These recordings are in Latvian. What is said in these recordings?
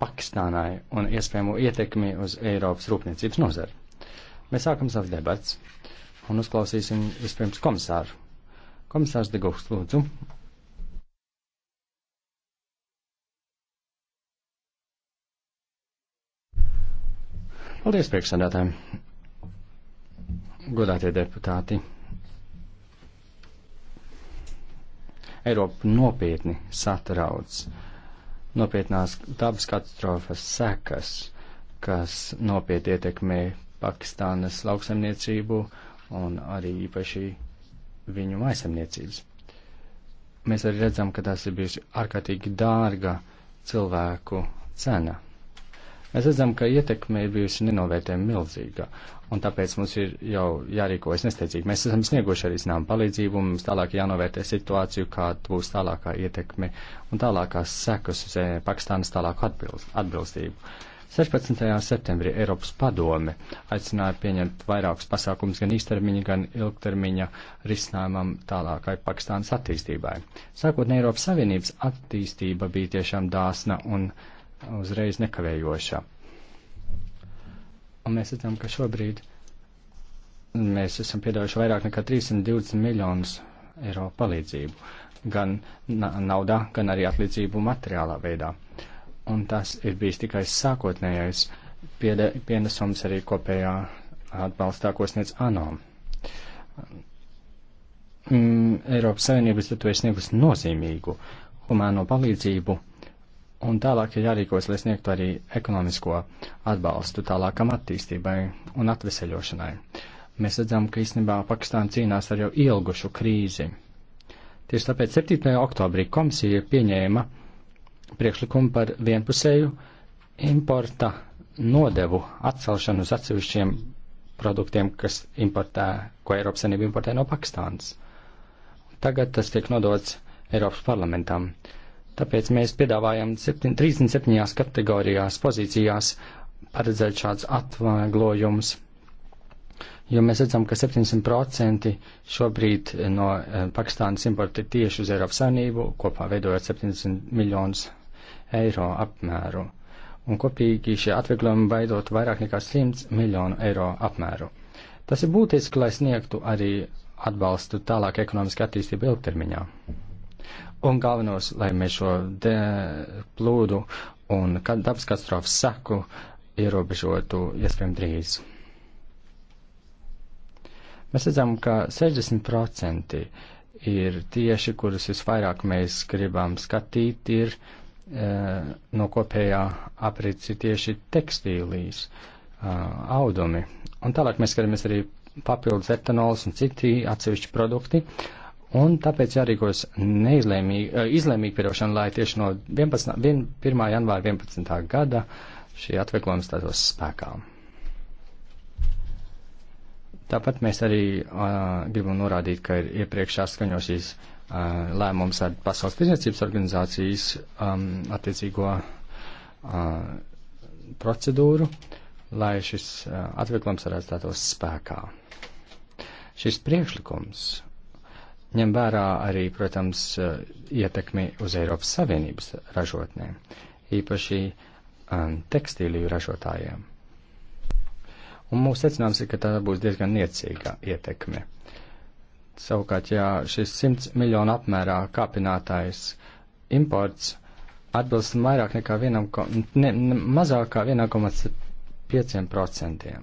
Pakistānai un iespējamo ietekmi uz Eiropas rūpniecības nozari. Mēs sākam savus debats un uzklausīsim vispirms komisāru. Komisārs Deguhs, lūdzu. Paldies priekšsādātājiem. Godātie deputāti. Eiropa nopietni satrauc nopietnās dabas katastrofas sekas, kas nopietni ietekmē Pakistānas lauksaimniecību un arī īpaši viņu maisaimniecības. Mēs arī redzam, ka tas ir bijusi ārkārtīgi dārga cilvēku cena. Mēs redzam, ka ietekme ir bijusi nenovērtējama milzīga, un tāpēc mums ir jau jārīkojas nesteidzīgi. Mēs esam snieguši arī zinām palīdzību, un mums tālāk jānovērtē situāciju, kā būs tālākā ietekme un tālākās sekas uz eh, Pakistānas tālāku atbilst, atbilstību. 16. septembrī Eiropas padome aicināja pieņemt vairākus pasākumus gan īstermiņa, gan ilgtermiņa risinājumam tālākai Pakistānas attīstībai. Sākotnēji Eiropas Savienības attīstība bija tiešām dāsna un uzreiz nekavējoša. Un mēs redzam, ka šobrīd mēs esam piedāvājuši vairāk nekā 320 miljonus eiro palīdzību gan na naudā, gan arī atlīdzību materiālā veidā. Un tas ir bijis tikai sākotnējais pienesums arī kopējā atbalstā, ko sniedz ANO. Mm, Eiropas Savienības tad to ir sniegus nozīmīgu humāno palīdzību un tālāk ir jārīkojas, lai sniegtu arī ekonomisko atbalstu tālākam attīstībai un atveseļošanai. Mēs redzam, ka īstenībā Pakistāna cīnās ar jau ilgušu krīzi. Tieši tāpēc 7. oktobrī komisija pieņēma priekšlikumu par vienpusēju importa nodevu atcelšanu uz atsevišķiem produktiem, kas importē, ko Eiropas Savienība importē no Pakistānas. Tagad tas tiek nodots Eiropas parlamentam. Uh, Tāpēc mēs piedāvājam 7, 37 kategorijās, pozīcijās paredzēt šāds atvieglojums. Jo mēs redzam, ka 700% šobrīd no eh, Pakistānas importa ir tieši uz Eiropas Savienību, kopā veidojot 70 miljonus eiro apmēru. Un kopīgi šie atvieglojumi veidot vairāk nekā 100 miljonu eiro apmēru. Tas ir būtiski, lai sniegtu arī atbalstu tālāk ekonomiski attīstību ilgtermiņā un galvenos, lai mēs šo plūdu un dabas katastrofas saku ierobežotu iespējami drīz. Mēs redzam, ka 60% ir tieši, kurus visvairāk mēs gribam skatīt, ir e, no kopējā aprits ir tieši tekstīlīs, e, audumi. Un tālāk mēs skatāmies arī papildus etanols un citi atsevišķi produkti. E, Un tāpēc jārīkos eh, izlēmīgi piedošana, lai tieši no 11, 1. janvāra 11. gada šī atvieglojums stātos spēkā. Tāpat mēs arī uh, gribam norādīt, ka ir iepriekš saskaņošīs uh, eh, lēmums ar Pasaules tirdzniecības organizācijas um, attiecīgo uh, procedūru, lai šis uh, atvieglojums varētu stātos spēkā. Šis priekšlikums ņem vērā arī, protams, eh, ietekmi uz Eiropas Savienības ražotnēm, īpaši um, tekstīliju ražotājiem. Un mūsu secinājums ir, ka tā būs diezgan niecīga ietekme. Savukārt, ja šis 100 miljonu apmērā kāpinātais imports atbilst vairāk nekā vienam, ne, ne, mazāk kā 1,5%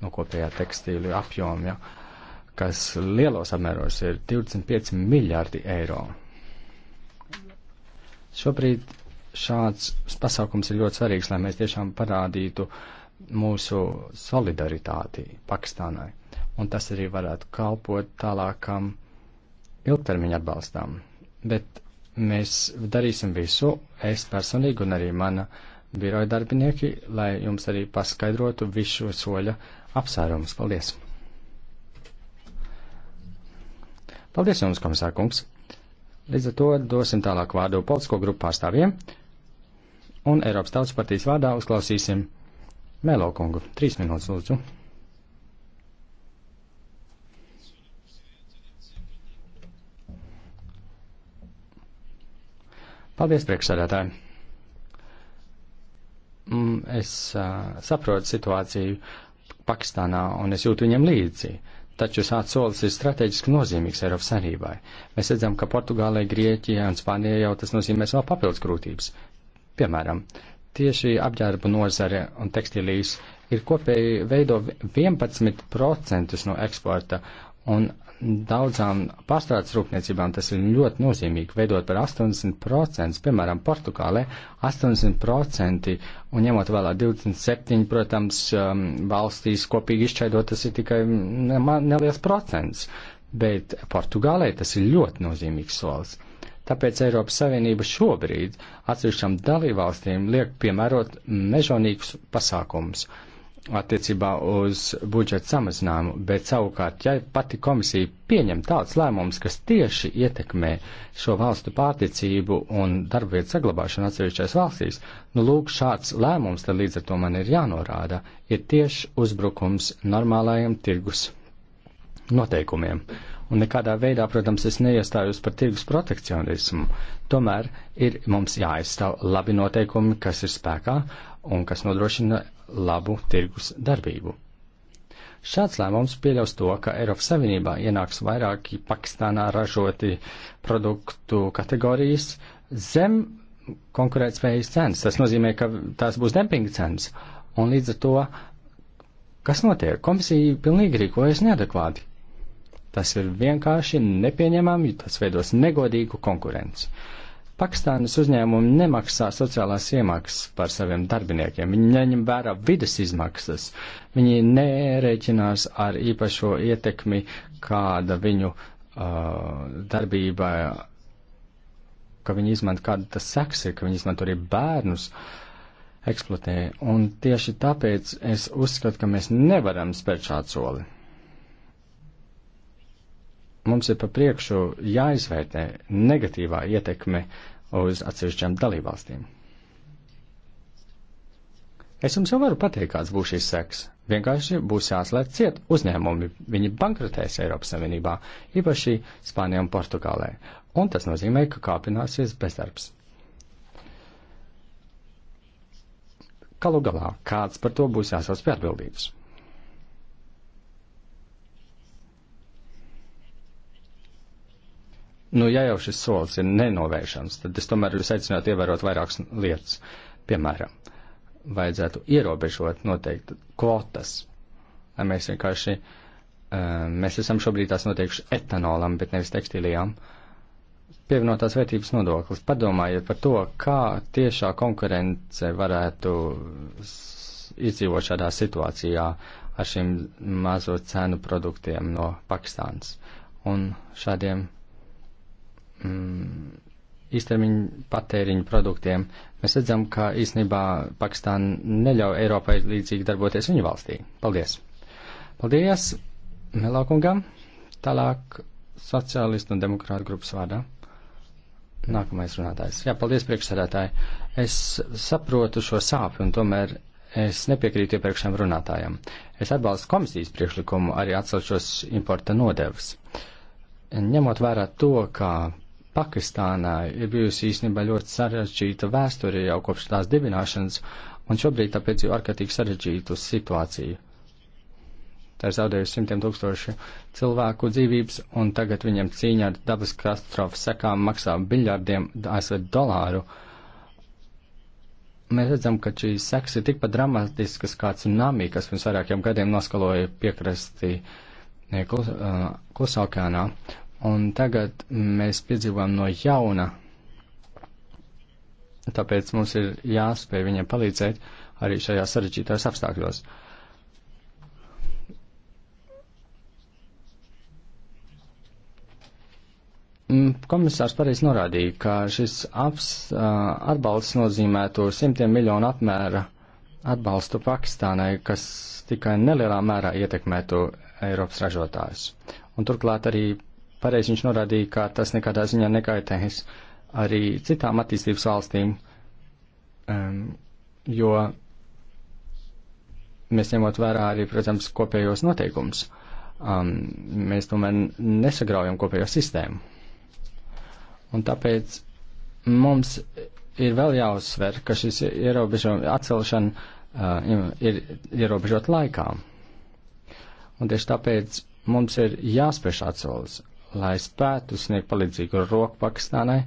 no kopējā tekstīļu apjoma, ja, kas lielos apmēros ir 25 miljārdi eiro. Šobrīd šāds pasākums ir ļoti svarīgs, lai mēs tiešām parādītu mūsu solidaritāti Pakistānai. Un tas arī varētu kalpot tālākam ilgtermiņa atbalstām. Bet mēs darīsim visu, es personīgi un arī mana biroja darbinieki, lai jums arī paskaidrotu visu soļa apsvērumus. Paldies! Paldies jums, komisārkungs! Līdz ar to dosim tālāk vārdu politisko grupu pārstāvjiem un Eiropas Tautas partijas vārdā uzklausīsim Melo kungu. Trīs minūtes lūdzu. Paldies, priekšsēdētāji. Mm, es uh, saprotu situāciju Pakistānā un es jūtu viņam līdzi. Taču šāds solis ir strateģiski nozīmīgs Eiropas Savienībai. Mēs redzam, ka Portugālē, Grieķijā un Spānijā jau tas nozīmēs vēl papildus grūtības. Piemēram, tieši apģērba nozare un tekstilīs ir kopēji veido 11% no eksporta, Un daudzām pārstrādes rūpniecībām tas ir ļoti nozīmīgi, veidot par 80%, piemēram, Portugālē 80%, un ņemot vēlā 27, protams, um, valstīs kopīgi izšķaidot, tas ir tikai neliels procents, bet Portugālē tas ir ļoti nozīmīgs solis. Tāpēc Eiropas Savienība šobrīd atsevišķām dalībvalstīm liek piemērot mežonīgus pasākumus. Uh, attiecībā uz budžeta samazinājumu, bet savukārt, ja pati komisija pieņem tāds lēmums, kas tieši ietekmē šo valstu pārticību un darbvietu saglabāšanu atsevišķās valstīs, nu lūk, šāds lēmums, tad līdz ar to man ir jānorāda, ir tieši uzbrukums normālajiem tirgus noteikumiem. Un nekādā veidā, protams, es neiestājos par tirgus protekcionismu. Tomēr ir mums jāaizstāv labi noteikumi, kas ir spēkā un kas nodrošina labu tirgus darbību. Šāds lēmums pieļaus to, ka Eiropas Savienībā ienāks vairāki Pakistānā ražoti produktu kategorijas zem konkurētspējas cenas. Tas nozīmē, ka tās būs dempinga cenas. Un līdz ar to, kas notiek? Komisija pilnīgi rīkojas neadekvāti. Tas ir vienkārši nepieņemami, tas veidos negodīgu konkurenci. Uh, Pakistānas uzņēmumi nemaksā sociālās iemaksas par saviem darbiniekiem, viņi neņem vērā vidas izmaksas, viņi nerēķinās ar īpašo ietekmi, kāda viņu uh, darbība, ka viņi izmanto, kāda tas seks ir, ka viņi izmanto arī bērnus. Eksploatē. Un tieši tāpēc es uzskatu, ka mēs nevaram spērt šādu soli mums ir pa priekšu jāizvērtē negatīvā ietekme uz atsevišķām dalībvalstīm. Es jums jau varu pateikt, kāds būs šis seks. Vienkārši būs jāslēdz ciet uzņēmumi, viņi bankrotēs Eiropas Savienībā, īpaši Spānijā un Portugālē. Un tas nozīmē, ka kāpināsies bezdarbs. Galu galā, kāds par to būs jāsauc pie atbildības. nu, ja jau šis solis ir nenovēršams, tad es tomēr jūs aicinātu ievērot vairākas lietas. Piemēram, vajadzētu ierobežot noteikti kvotas, lai mēs vienkārši, eh, mēs esam šobrīd tās noteikuši etanolam, bet nevis tekstīlijām. Pievienotās vērtības nodoklis. Padomājiet par to, kā tiešā konkurence varētu izdzīvot šādā situācijā ar šiem mazo cenu produktiem no Pakistānas un šādiem mm, īstermiņu patēriņu produktiem, mēs redzam, ka īstenībā Pakistāna neļauj Eiropai līdzīgi darboties viņu valstī. Paldies! Paldies Melākungam! Tālāk sociālistu un demokrātu grupas vārdā. Nākamais runātājs. Jā, paldies priekšsēdētāji. Es saprotu šo sāpju un tomēr es nepiekrītu iepriekšējiem runātājiem. Es atbalstu komisijas priekšlikumu arī atcelšos importa nodevas. Ņemot vērā to, ka Pakistānai ir bijusi īstenībā ļoti sarežģīta vēsture jau kopš tās dibināšanas, un šobrīd tāpēc ir ārkārtīgi sarežģītu situāciju. Tā ir zaudējusi simtiem tūkstoši cilvēku dzīvības, un tagad viņiem cīņa ar dabas katastrofu sekām maksā biljardiem ASV dolāru. Mēs redzam, ka šīs sekas ir tikpat dramatiskas kā tsunami, kas pirms vairākiem gadiem noskaloja piekrasti klus, uh, klusā okeānā, Un tagad mēs piedzīvojam no jauna. Tāpēc mums ir jāspēj viņiem palīdzēt arī šajā sarežģītās apstākļos. Komisārs pareiz norādīja, ka šis aps, atbalsts nozīmētu simtiem miljonu apmēra atbalstu Pakistānai, kas tikai nelielā mērā ietekmētu Eiropas ražotājus. Un turklāt arī pareizi viņš norādīja, ka tas nekādā ziņā negaitēs arī citām attīstības valstīm, um, jo mēs ņemot vērā arī, protams, kopējos noteikumus, um, mēs tomēr nesagraujam kopējo sistēmu. Un tāpēc mums ir vēl jāuzsver, ka šis ierobežojums atcelšana uh, ir ierobežot laikā. Un tieši tāpēc mums ir jāspēj atsolis lai spētu sniegt palīdzīgu roku Pakistānai,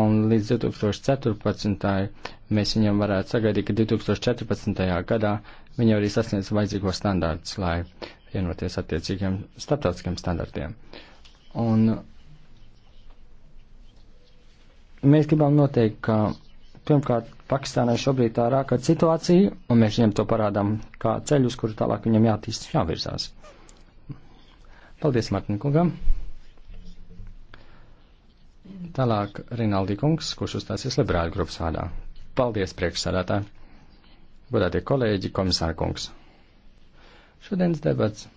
un līdz 2014. mēs viņam varētu sagaidīt, ka 2014. gadā viņi arī sasniedz vajadzīgo standārts, lai vienoties attiecīgiem starptautiskiem standartiem. Un mēs gribam noteikt, ka pirmkārt Pakistānai šobrīd tā ir ārkārt situācija, un mēs viņiem to parādām kā ceļu, uz kuru tālāk viņam jātīst jāvirzās. Paldies, Martin Kungam! Tālāk Rinaldi Kungs, kurš uzstāsies liberāļu grupas vārdā. Paldies, priekšsādātāji! Godātie kolēģi, komisāra kungs! Šodienas debats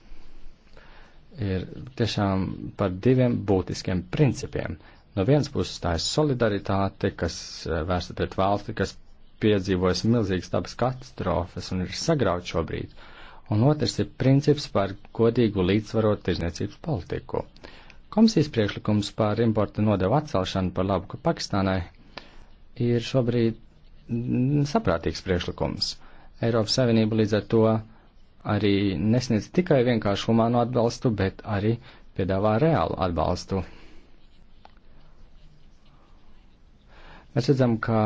ir tiešām par diviem būtiskiem principiem. No vienas puses tā ir solidaritāte, kas eh, vērsta pret valsti, kas piedzīvojas milzīgas dabas katastrofas un ir sagrauts šobrīd. Un otrs ir princips par godīgu līdzsvarotu tirzniecības politiku. Uh, Komisijas priekšlikums par importa nodevu atcelšanu par labu Pakistānai ir šobrīd saprātīgs priekšlikums. Eiropas Savienība līdz ar to arī nesniedz tikai vienkārši humānu atbalstu, bet arī piedāvā reālu atbalstu. Mēs redzam, ka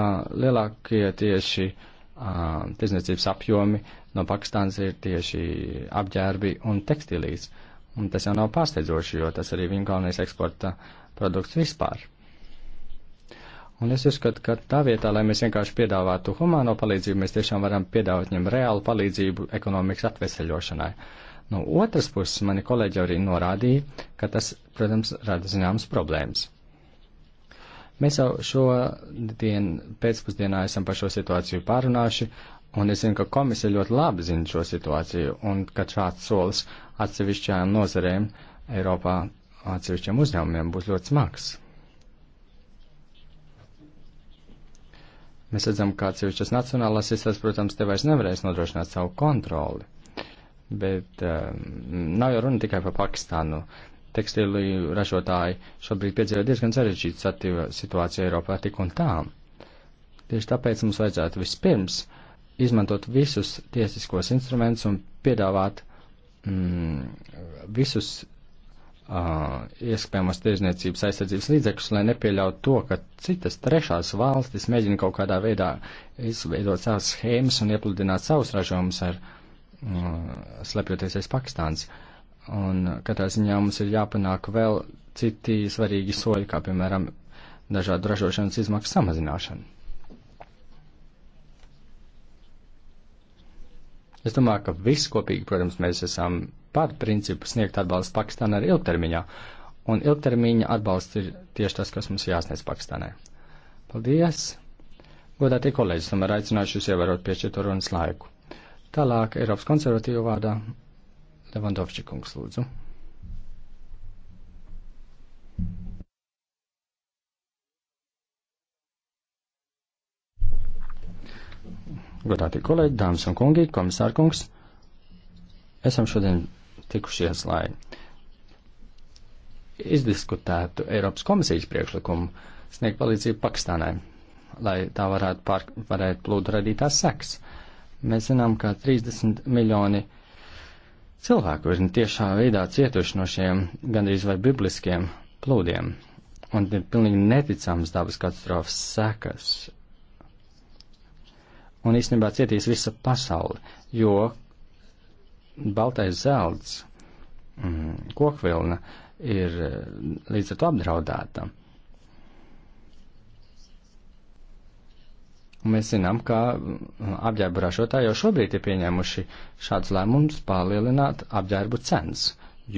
lielākie tieši uh, tirdzniecības apjomi no Pakistānas ir tieši apģērbi un tekstilijas. Uh, Un tas jau nav pārsteidzoši, jo tas arī viņa galvenais eksporta produkts vispār. Un es uzskatu, ka tā vietā, lai mēs vienkārši piedāvātu humāno palīdzību, mēs tiešām varam piedāvāt viņam reālu palīdzību ekonomikas atveseļošanai. No otras puses, mani kolēģi arī norādīja, ka tas, protams, rada zināmas problēmas. Mēs jau šodien pēcpusdienā esam par šo situāciju pārunājuši, Un es zinu, ka komisija ļoti labi zina šo situāciju un ka šāds solis atsevišķām nozarēm Eiropā atsevišķiem uzņēmumiem būs ļoti smags. Mēs redzam, ka atsevišķas nacionālās iestādes, protams, te vairs nevarēs nodrošināt savu kontroli. Bet um, nav jau runa tikai par Pakistānu. Tekstīlu ražotāji šobrīd piedzīvo diezgan sarežģītu situāciju Eiropā tik un tā. Tieši tāpēc mums vajadzētu vispirms uh, izmantot visus tiesiskos instrumentus un piedāvāt mm, visus uh, iespējamos tirzniecības aizsardzības līdzekļus, lai nepieļautu to, ka citas trešās valstis mēģina kaut kādā veidā izveidot savas schēmas un iepludināt savus ražojumus ar mm, slepjoties aiz Pakistāns. Un katrā ziņā mums ir jāpanāk vēl citi svarīgi soļi, kā piemēram dažādu ražošanas izmaksu samazināšanu. Es domāju, ka viss kopīgi, protams, mēs esam par principu sniegt atbalstu Pakistānai arī ilgtermiņā. Un ilgtermiņa atbalsts ir tieši tas, kas mums jāsniedz Pakistānai. Paldies! Godātie kolēģi, esam aicinājuši jūs ievērot piešķirto runas laiku. Tālāk Eiropas konservatīvu vārdā Levandovčikungs lūdzu. godāti kolēģi, dāmas un kungi, komisārkungs, esam šodien tikušies, lai izdiskutētu Eiropas komisijas priekšlikumu sniegt palīdzību Pakistānai, lai tā varētu pārvarēt plūdu radītās seks. Mēs zinām, ka 30 miljoni cilvēku ir tiešā veidā cietuši no šiem gandrīz vai bibliskiem plūdiem, un ir pilnīgi neticams dabas katastrofas sekas, Un īstenībā cietīs visa pasaule, jo baltais zelts, mm, kokvilna, ir eh, līdz ar to apdraudēta. Un mēs zinām, ka mm, apģērbu ražotāji jau šobrīd ir pieņēmuši šādus lēmumus palielināt apģērbu cenas,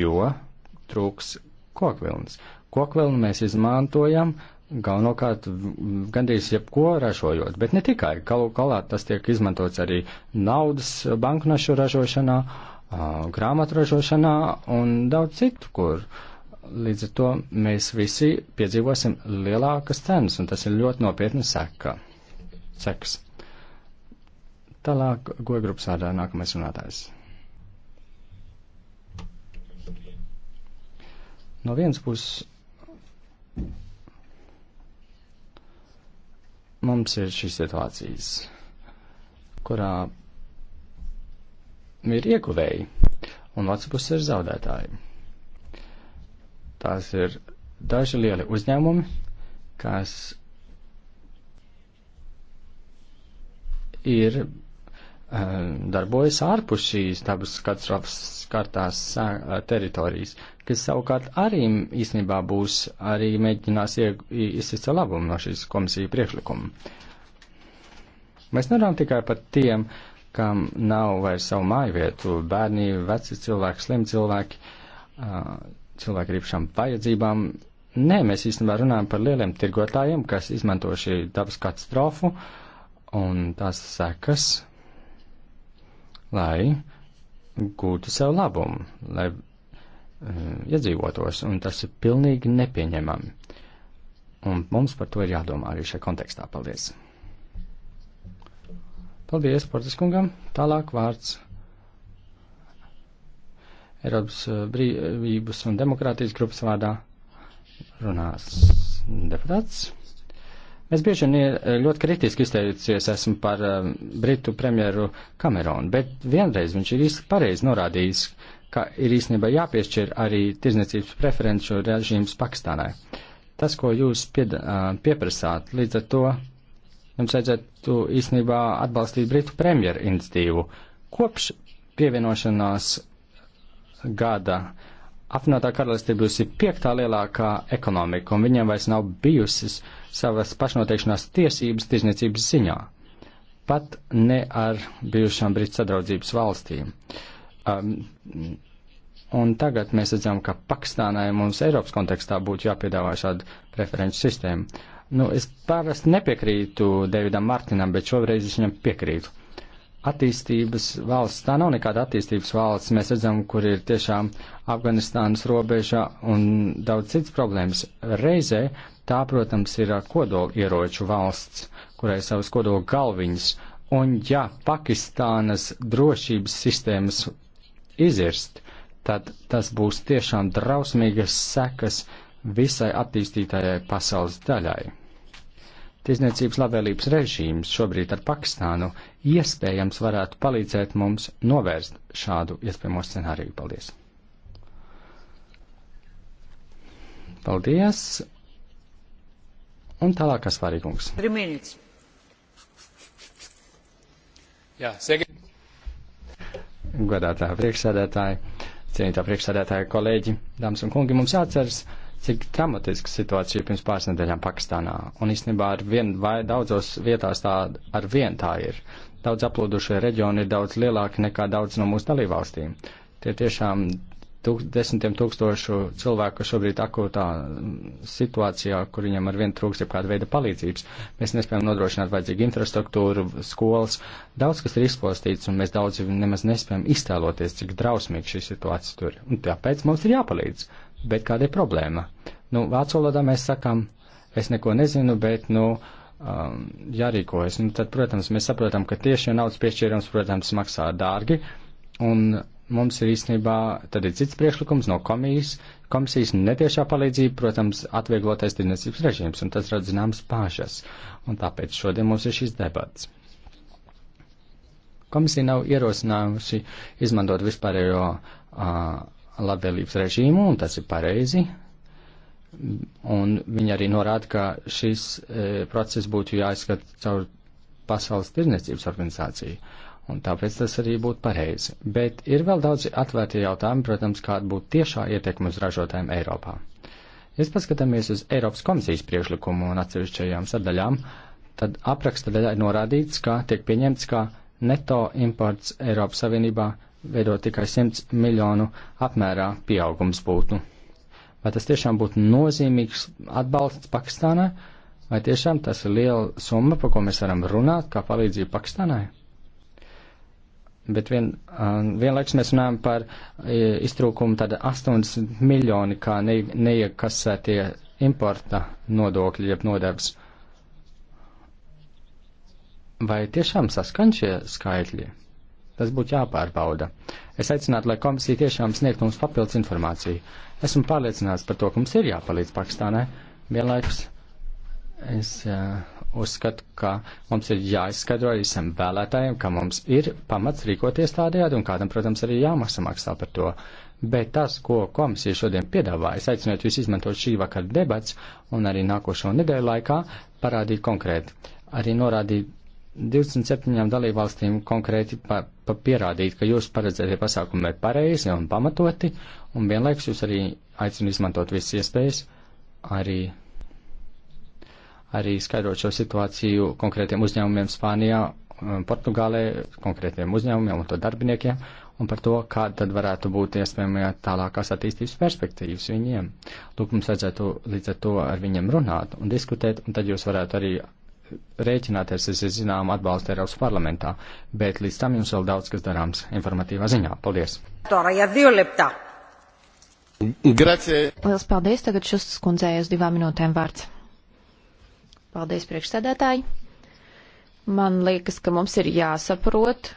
jo trūks kokvilnas. Kokvilnu mēs izmantojam, galvenokārt gandrīz jebko ražojot, bet ne tikai. Galu galā tas tiek izmantots arī naudas banknašu ražošanā, grāmatu ražošanā un daudz citu, kur. Līdz ar to mēs visi piedzīvosim lielākas cenas, un tas ir ļoti nopietna seka. Seks. Tālāk, goja grupas vārdā nākamais runātājs. No vienas puses mums ir šīs situācijas, kurā ir ieguvēji un otrs puses ir zaudētāji. Tās ir daži lieli uzņēmumi, kas ir um, darbojas ārpus šīs dabas katastrofas skartās uh, eh, teritorijas, kas savukārt arī īstenībā būs, arī mēģinās izsist labumu no šīs komisija priekšlikuma. Mēs nerunājam tikai par tiem, kam nav vairs savu māju vietu, bērni, veci cilvēki, slim cilvēki, cilvēki ar īpašām vajadzībām. Nē, mēs īstenībā runājam par lieliem tirgotājiem, kas izmanto šī dabas katastrofu un tās sekas, lai gūtu sev labumu, lai Eh, iedzīvotos, un tas ir pilnīgi nepieņemami. Un mums par to ir jādomā arī šajā kontekstā. Paldies! Paldies, Portas kungam! Tālāk vārds Eiropas eh, brīvības un demokrātijas grupas vārdā runās deputāts. Es bieži vien eh, ļoti kritiski izteicies esmu par Britu premjeru Kameronu, bet vienreiz viņš ir īsti pareizi norādījis, ka ir īstenībā jāpiešķir arī tirzniecības preferenču režīms Pakistānai. Tas, ko jūs pied, pieprasāt, līdz ar to jums vajadzētu īstenībā atbalstīt Britu premjeru iniciatīvu. Kopš pievienošanās gada apvienotā karalistē bijusi piektā lielākā ekonomika, un viņiem vairs nav bijusi savas pašnoteikšanās tiesības tirzniecības ziņā, pat ne ar bijušām Britu sadraudzības valstīm. Uh, Um, un tagad mēs redzam, ka Pakistānai mums Eiropas kontekstā būtu jāpiedāvā šāda preferenču sistēma. Nu, es parasti nepiekrītu Davidam Martinam, bet šoreiz es viņam piekrītu. Attīstības valsts, tā nav nekāda attīstības valsts, mēs redzam, kur ir tiešām Afganistānas robeža un daudz cits problēmas. Reizē tā, protams, ir kodola ieroču valsts, kurai savas kodola galviņas. Un ja Pakistānas drošības sistēmas izirst, tad tas būs tiešām drausmīgas sekas visai attīstītājai pasaules daļai. Tiesniecības labvēlības režīms šobrīd ar Pakistānu iespējams varētu palīdzēt mums novērst šādu iespējamo scenāriju. Paldies! Paldies! Un tālāk, kas svarīgums? Jā, segi godātā priekšsēdētāja, cienītā priekšsēdētāja kolēģi, dāmas un kungi, mums jāatceras, cik dramatiska situācija pirms pāris nedēļām Pakistānā. Un īstenībā ar vien vai daudzos vietās tā ar vien tā ir. Daudz aplūdušie reģioni ir daudz lielāki nekā daudz no mūsu dalībvalstīm. Tie tiešām tūk, desmitiem tūkstošu cilvēku, kas šobrīd akūtā situācijā, kur viņam ar vienu trūkst jebkāda veida palīdzības. Mēs nespējam nodrošināt vajadzīgu infrastruktūru, skolas. Daudz kas ir izklāstīts, un mēs daudz nemaz nespējam iztēloties, cik drausmīgi šī situācija tur ir. Un tāpēc mums ir jāpalīdz. Bet kāda ir problēma? Nu, vācu valodā mēs sakam, es neko nezinu, bet, nu, um, jārīkojas. Un tad, protams, mēs saprotam, ka tieši naudas piešķīrums, protams, maksā dārgi. Un Mums ir īstenībā tad ir cits priekšlikums no komijas, komisijas netiešā palīdzība, protams, atvieglotais tirdzniecības režīms, un tas rada zināmas pāžas. Un tāpēc šodien mums ir šis debats. Komisija nav ierosinājusi izmantot vispārējo uh, labvēlības režīmu, un tas ir pareizi. Un viņi arī norāda, ka šis e, process būtu jāizskata caur Pasaules tirdzniecības organizāciju un tāpēc tas arī būtu pareizi. Bet ir vēl daudzi atvērti jautājumi, protams, kāda būtu tiešā ietekme uz ražotājiem Eiropā. Ja paskatāmies uz Eiropas komisijas priekšlikumu un atsevišķajām sadaļām, tad apraksta daļā ir norādīts, ka tiek pieņemts, ka neto imports Eiropas Savienībā veido tikai 100 miljonu apmērā pieaugums būtu. Vai tas tiešām būtu nozīmīgs atbalsts Pakistānai, vai tiešām tas ir liela summa, par ko mēs varam runāt, kā palīdzību Pakistānai? Bet vien, vienlaiks mēs runājam par e, iztrūkumu tad 80 miljoni kā ne, neiekasētie importa nodokļi, jeb nodevs. Vai tiešām saskan šie skaitļi? Tas būtu jāpārbauda. Es aicinātu, lai komisija tiešām sniegtu mums papildus informāciju. Esmu pārliecināts par to, ka mums ir jāpalīdz Pakistānai. Vienlaikus es. Uh, uzskatu, ka mums ir jāizskaidro arī visiem vēlētājiem, ka mums ir pamats rīkoties tādējādi un kādam, protams, arī jāmaksā par to. Bet tas, ko komisija šodien piedāvā, es aicinātu jūs izmantot šī vakara debats un arī nākošo nedēļu laikā parādīt konkrēti. Arī norādīt 27 dalībvalstīm konkrēti pa, pa pierādīt, ka jūs paredzētie pasākumi ir pareizi un pamatoti, un vienlaiks jūs arī aicinu izmantot visas iespējas arī arī skaidrot šo situāciju konkrētiem uzņēmumiem Spānijā, um, Portugālē, konkrētiem uzņēmumiem un to darbiniekiem, un par to, kāda tad varētu būt iespējamajā tālākās attīstības perspektīvas viņiem. Lūk, mums vajadzētu līdz ar to ar viņiem runāt un diskutēt, un tad jūs varētu arī rēķināties, es zinām, atbalstu Eiropas parlamentā, bet līdz tam jums vēl daudz kas darāms informatīvā ziņā. Paldies! Grazie! Lielas paldies! Tagad šus skundzējas divām minūtēm vārds. Paldies, priekšsēdētāji. Man liekas, ka mums ir jāsaprot,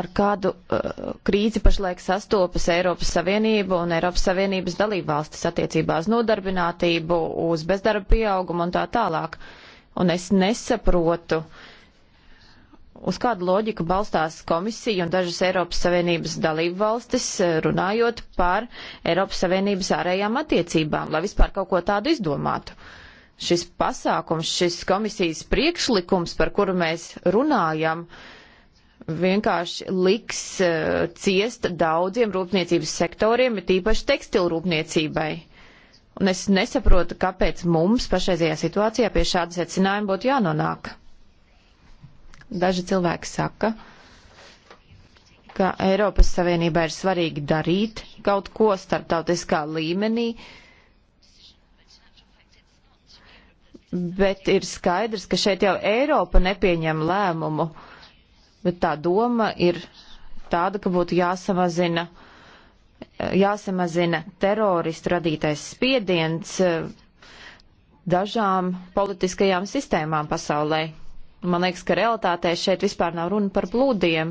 ar kādu uh, krīzi pašlaik sastopas Eiropas Savienība un Eiropas Savienības dalībvalstis attiecībā uz nodarbinātību, uz bezdarba pieaugumu un tā tālāk. Un es nesaprotu, uh, uz kādu loģiku balstās komisija un dažas Eiropas Savienības dalību valstis eh, runājot par Eiropas Savienības ārējām attiecībām, lai vispār kaut ko tādu izdomātu. Šis pasākums, šis komisijas priekšlikums, par kuru mēs runājam, vienkārši liks uh, ciest daudziem rūpniecības sektoriem, ir tīpaši tekstilrūpniecībai. Un es nesaprotu, kāpēc mums pašreizajā situācijā pie šāda secinājuma būtu jānonāk. Daži cilvēki saka, ka Eiropas Savienībā ir svarīgi darīt kaut ko starptautiskā līmenī, bet ir skaidrs, ka šeit jau Eiropa nepieņem lēmumu, bet tā doma ir tāda, ka būtu jāsamazina, jāsamazina teroristu radītais spiediens eh, dažām politiskajām sistēmām pasaulē. Man liekas, ka realitātē šeit vispār nav runa par plūdiem,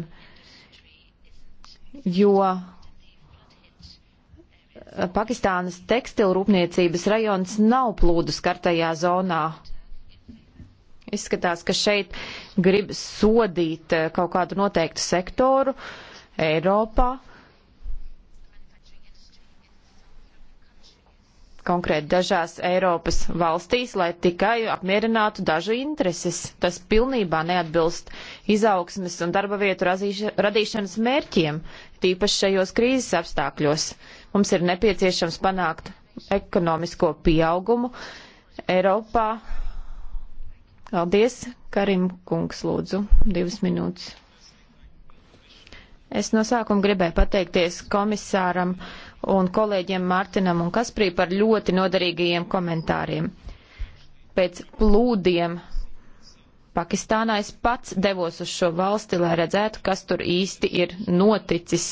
jo Pakistānas tekstilrūpniecības rajons nav plūdu skartajā zonā. Izskatās, ka šeit grib sodīt eh, kaut kādu noteiktu sektoru Eiropā. Uh, konkrēti dažās Eiropas valstīs, lai tikai apmierinātu dažu intereses. Tas pilnībā neatbilst izaugsmes un darba vietu radīšanas mērķiem, tīpaši šajos krīzes apstākļos. Mums ir nepieciešams panākt ekonomisko pieaugumu Eiropā. Paldies, Karim Kungs, lūdzu, divas minūtes. Es no sākuma gribēju pateikties komisāram un kolēģiem Mārtinam un Kasprī par ļoti noderīgajiem komentāriem. Pēc plūdiem Pakistānā es pats devos uz šo valsti, lai redzētu, kas tur īsti ir noticis.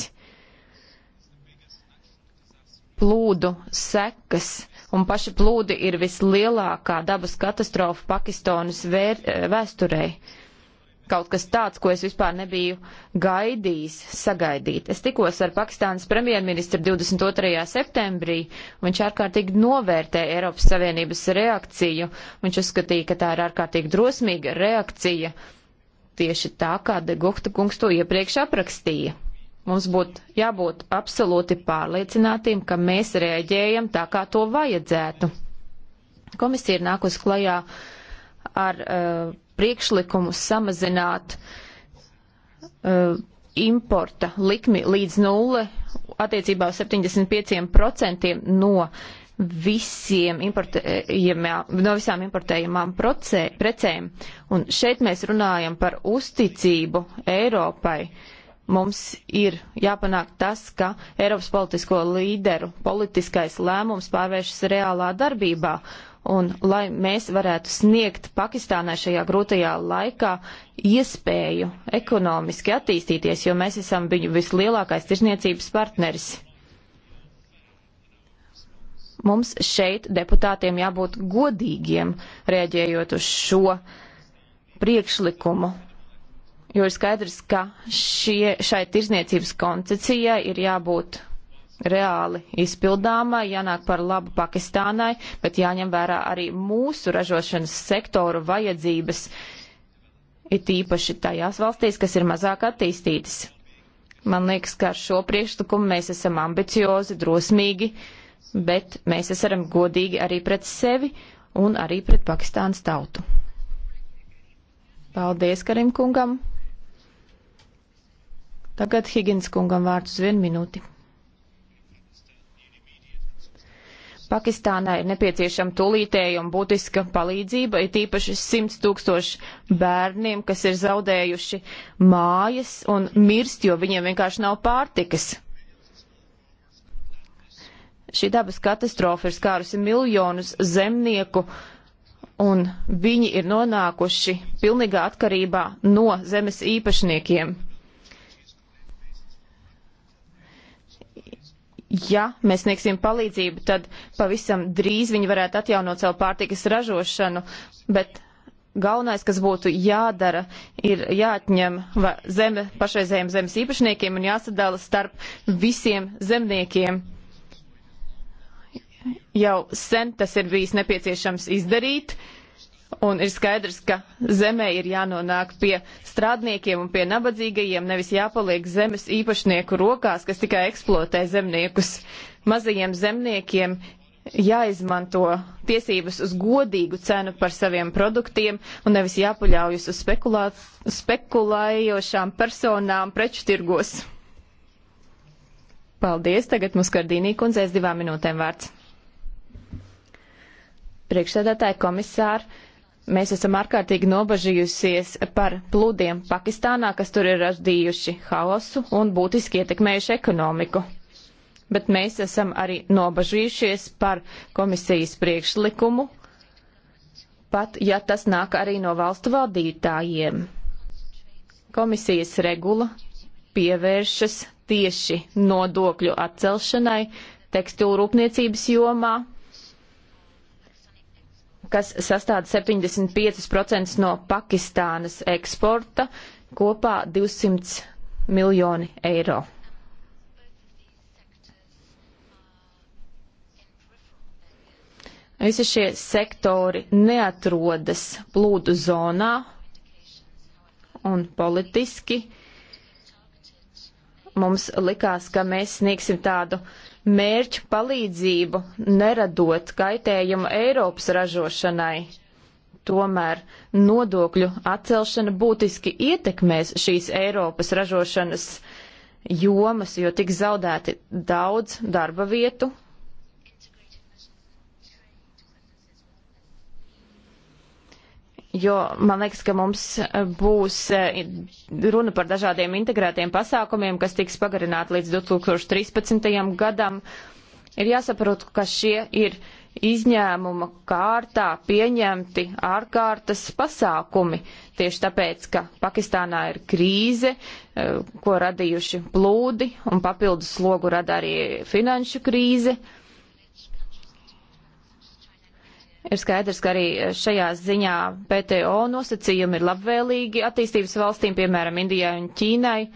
Plūdu sekas un paši plūdi ir vislielākā dabas katastrofa Pakistānas vēsturei. Vēr kaut kas tāds, ko es vispār nebiju gaidījis, sagaidīt. Es tikos ar Pakistānas premjerministru 22. septembrī, un viņš ārkārtīgi novērtēja Eiropas Savienības reakciju. Viņš uzskatīja, ka tā ir ārkārtīgi drosmīga reakcija, tieši tā, kā De Guhta kungs to iepriekš aprakstīja. Mums būtu jābūt absolūti pārliecinātiem, ka mēs reaģējam tā, kā to vajadzētu. Komisija ir nākus klajā ar uh, priekšlikumu samazināt uh, importa likmi līdz nulle attiecībā uz 75% no visiem no visām importējumām procē, precēm. Un šeit mēs runājam par uzticību Eiropai. Mums ir jāpanāk tas, ka Eiropas politisko līderu politiskais lēmums pārvēršas reālā darbībā un lai mēs varētu sniegt Pakistānai šajā grūtajā laikā iespēju ekonomiski attīstīties, jo mēs esam viņu vislielākais tirzniecības partneris. Mums šeit deputātiem jābūt godīgiem, rēģējot uz šo priekšlikumu, jo ir skaidrs, ka šie, šai tirzniecības koncesijai ir jābūt reāli izpildāmā, jānāk par labu Pakistānai, bet jāņem vērā arī mūsu ražošanas sektoru vajadzības, it īpaši tajās valstīs, kas ir mazāk attīstītas. Man liekas, ka ar šo priekšlikumu mēs esam ambiciozi, drosmīgi, bet mēs esam godīgi arī pret sevi un arī pret Pakistānas tautu. Paldies Karim kungam! Tagad Higgins kungam vārds uz vienu minūti. Pakistānai ir nepieciešama tūlītēja un būtiska palīdzība, ir tīpaši 100 tūkstoši bērniem, kas ir zaudējuši mājas un mirst, jo viņiem vienkārši nav pārtikas. Šī dabas katastrofa ir skārusi miljonus zemnieku, un viņi ir nonākuši pilnīgā atkarībā no zemes īpašniekiem. ja mēs sniegsim palīdzību, tad pavisam drīz viņi varētu atjaunot savu pārtikas ražošanu, bet galvenais, kas būtu jādara, ir jāatņem zeme pašreizējiem zemes īpašniekiem un jāsadala starp visiem zemniekiem. Jau sen tas ir bijis nepieciešams izdarīt. Uh, Un ir skaidrs, ka zemē ir jānonāk pie strādniekiem un pie nabadzīgajiem, nevis jāpaliek zemes īpašnieku rokās, kas tikai eksploatē zemniekus. Mazajiem zemniekiem jāizmanto tiesības uz godīgu cenu par saviem produktiem un nevis jāpaļaujas uz spekulā, spekulējošām personām preču tirgos. Paldies, tagad Muskardīnī kundzēs divām minūtēm vārds. Priekšsēdētāji komisāri Mēs esam ārkārtīgi nobažījusies par pludiem Pakistānā, kas tur ir radījuši haosu un būtiski ietekmējuši ekonomiku. Bet mēs esam arī nobažījušies par komisijas priekšlikumu, pat ja tas nāk arī no valstu valdītājiem. Komisijas regula pievēršas tieši nodokļu atcelšanai tekstilu rūpniecības jomā kas sastāda 75% no Pakistānas eksporta, kopā 200 miljoni eiro. Visi šie sektori neatrodas plūdu zonā un politiski mums likās, ka mēs sniegsim tādu mērķu palīdzību, neradot kaitējumu Eiropas ražošanai. Tomēr nodokļu atcelšana būtiski ietekmēs šīs Eiropas ražošanas jomas, jo tiks zaudēti daudz darba vietu jo man liekas, ka mums eh, būs eh, runa par dažādiem integrētiem pasākumiem, kas tiks pagarināti līdz 2013. gadam. Ir jāsaprot, ka šie ir izņēmuma kārtā pieņemti ārkārtas pasākumi, tieši tāpēc, ka Pakistānā ir krīze, eh, ko radījuši plūdi un papildus slogu rada arī finanšu krīze. Uh, Ir skaidrs, ka arī šajā ziņā PTO nosacījumi ir labvēlīgi attīstības valstīm, piemēram, Indijai un Ķīnai.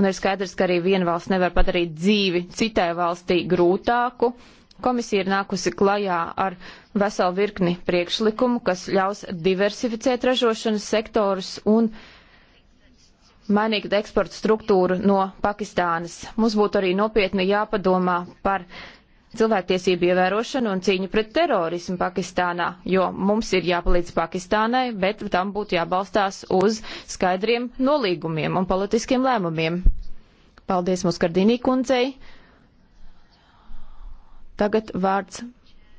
Un ir skaidrs, ka arī viena valsts nevar padarīt dzīvi citai valstī grūtāku. Komisija ir nākusi klajā ar veselu virkni priekšlikumu, kas ļaus diversificēt ražošanas sektorus un mainīt eksporta struktūru no Pakistānas. Mums būtu arī nopietni jāpadomā par cilvēktiesību ievērošanu un cīņu pret terorismu Pakistānā, jo mums ir jāpalīdz Pakistānai, bet tam būtu jābalstās uz skaidriem nolīgumiem un politiskiem lēmumiem. Paldies Muskardīnī kundzei. Tagad vārds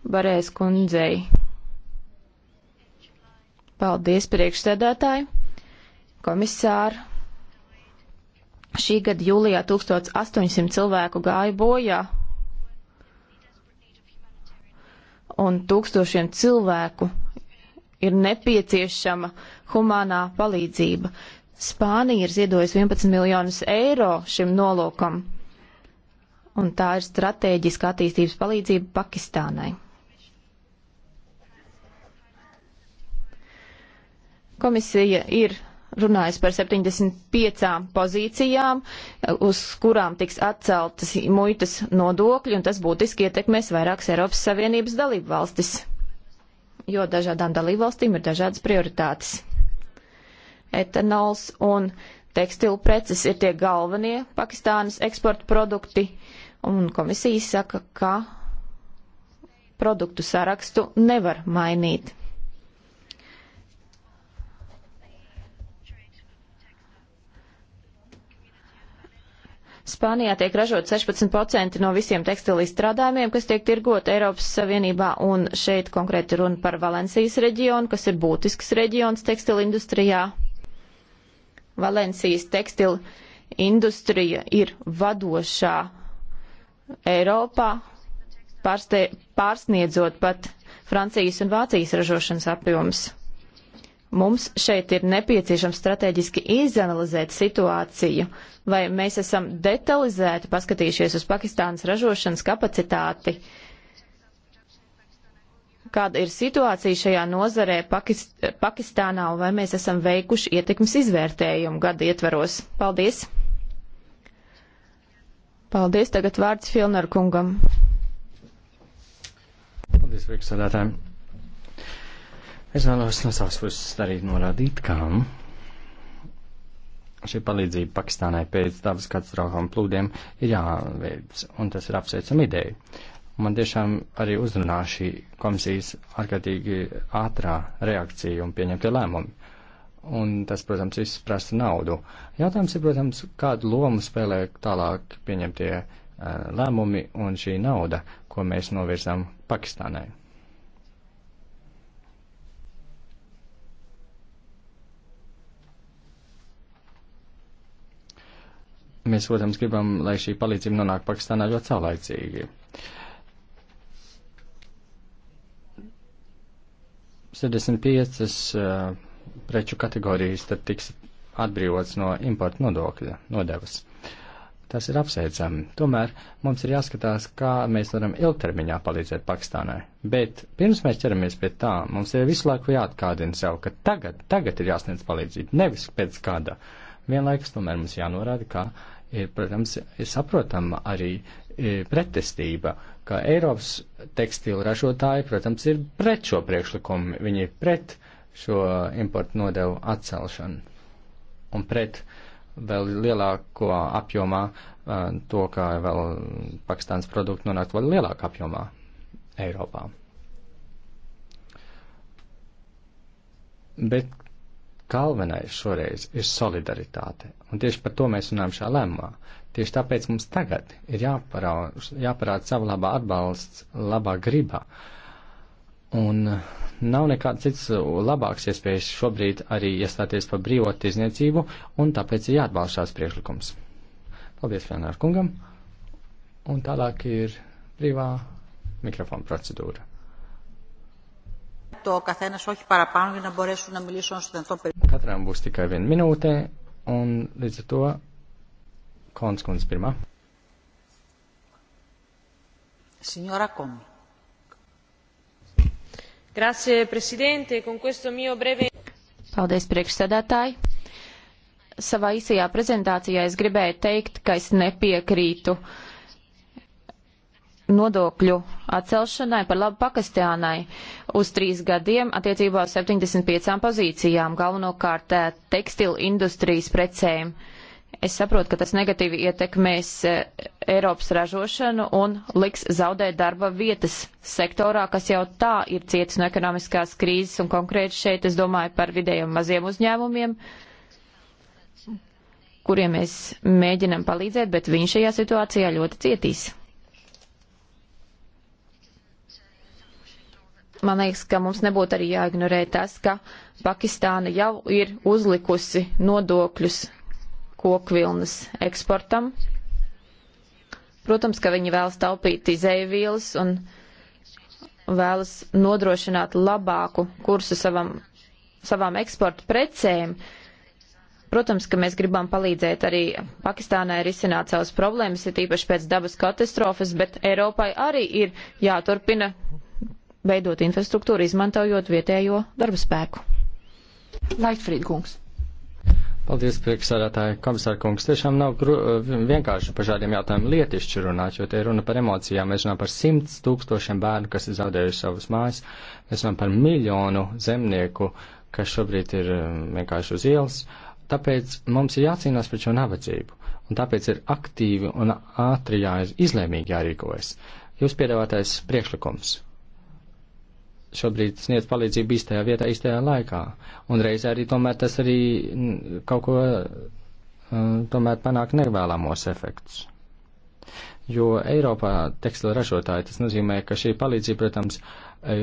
Barēs kundzei. Paldies priekšsēdētāji, komisāri. Šī gada jūlijā 1800 cilvēku gāja bojā un tūkstošiem cilvēku ir nepieciešama humānā palīdzība. Spānija ir ziedojusi 11 miljonus eiro šim nolūkam, un tā ir strateģiska attīstības palīdzība Pakistānai. Komisija ir runājis par 75 pozīcijām, uz kurām tiks atceltas muitas nodokļi, un tas būtiski ietekmēs vairākas Eiropas Savienības dalību valstis, jo dažādām dalību valstīm ir dažādas prioritātes. Etanols un tekstilu preces ir tie galvenie Pakistānas eksporta produkti, un komisija saka, ka produktu sarakstu nevar mainīt. Spānijā tiek ražot 16% no visiem tekstilīs strādājumiem, kas tiek tirgot Eiropas Savienībā, un šeit konkrēti runa par Valencijas reģionu, kas ir būtisks reģions tekstilu industrijā. Valencijas tekstilu industrija ir vadošā Eiropā, pārste, pārsniedzot pat Francijas un Vācijas ražošanas apjoms. Mums šeit ir nepieciešams strateģiski izanalizēt situāciju, vai mēs esam detalizēti paskatījušies uz Pakistānas ražošanas kapacitāti, kāda ir situācija šajā nozarē Pakist Pakistānā un vai mēs esam veikuši ietekmes izvērtējumu gada ietveros. Paldies! Paldies, tagad vārds Filner kungam. Paldies, priekšsādātājiem. Es vēlos no savas puses arī norādīt, ka šī palīdzība Pakistānai pēc dabas katastrofām plūdiem ir jāveic, un tas ir apsveicama ideja. Man tiešām arī uzrunā šī komisijas ārkārtīgi ātrā reakcija un pieņemtie lēmumi. Un tas, protams, viss prasa naudu. Jautājums ir, protams, kādu lomu spēlē tālāk pieņemtie uh, lēmumi un šī nauda, ko mēs novirzām Pakistānai. Mēs, protams, gribam, lai šī palīdzība nonāk Pakistānā ļoti saulaicīgi. Sēdesmit piecas uh, preču kategorijas tad tiks atbrīvots no importu nodokļa nodevas. Tas ir apsveicami. Tomēr mums ir jāskatās, kā mēs varam ilgtermiņā palīdzēt Pakistānai. Bet pirms mēs ķeramies pie tā, mums ir visu laiku jāatkādina sev, ka tagad, tagad ir jāsniedz palīdzība, nevis pēc kāda. Vienlaikus tomēr mums jānorāda, ka ir, e, protams, ir e, saprotama arī e, pretestība, ka Eiropas tekstīlu ražotāji, protams, ir pret šo priekšlikumu, viņi ir pret šo importu nodevu atcelšanu un pret vēl lielāko apjomā to, kā vēl Pakistāns produktu nonāk vēl lielākā apjomā Eiropā. Bet galvenais šoreiz ir solidaritāte, un tieši par to mēs runājam šā lēmumā. Tieši tāpēc mums tagad ir jāparāda savu labā atbalsts, labā gribā. Un nav nekāds cits labāks iespējas šobrīd arī iestāties par brīvo tirzniecību, un tāpēc ir jāatbalsta šāds priekšlikums. Paldies Fenāra kungam. Un tālāk ir brīvā mikrofona procedūra. Katram būs tikai viena minūte, un līdz ar to Kons kundze pirmā. Signora Komi. Grazie, Presidente, con questo mio breve. Paldies, priekšsēdētāji. Savā īsajā prezentācijā es gribēju teikt, ka es nepiekrītu uh, nodokļu atcelšanai par labu Pakistānai uz trīs gadiem attiecībā uz 75 pozīcijām, galvenokārt eh, tekstilu industrijas precēm. Es saprotu, ka tas negatīvi ietekmēs eh, Eiropas ražošanu un liks zaudēt darba vietas sektorā, kas jau tā ir cietis no ekonomiskās krīzes un konkrēti šeit es domāju par vidējiem maziem uzņēmumiem, kuriem mēs mēģinam palīdzēt, bet viņi šajā situācijā ļoti cietīs. man liekas, ka mums nebūtu arī jāignorē tas, ka Pakistāna jau ir uzlikusi nodokļus kokvilnas eksportam. Protams, ka viņi vēlas taupīt izēvielas un vēlas nodrošināt labāku kursu savam, savām eksporta precēm. Protams, ka mēs gribam palīdzēt arī Pakistānai risināt savas problēmas, ir tīpaši pēc dabas katastrofas, bet Eiropai arī ir jāturpina veidot infrastruktūru, izmantojot vietējo darba spēku. Laitfrīd kungs. Paldies, priekšsādātāji. Komisāra kungs, tiešām nav gru, vienkārši par šādiem jautājumiem lietišķi runāt, jo te ir runa par emocijām. Mēs runājam par simts tūkstošiem bērnu, kas ir zaudējuši savus mājas. Mēs runājam par miljonu zemnieku, kas šobrīd ir um, vienkārši uz ielas. Tāpēc mums ir jācīnās par šo nabadzību. Un tāpēc ir aktīvi un ātri jāizlēmīgi jārīkojas. Jūs piedāvātais priekšlikums šobrīd sniedz palīdzību īstajā vietā, īstajā laikā. Un reizē arī tomēr tas arī kaut ko uh, tomēr panāk nevēlamos efektus. Jo Eiropā tekstila ražotāji tas nozīmē, ka šī palīdzība, protams,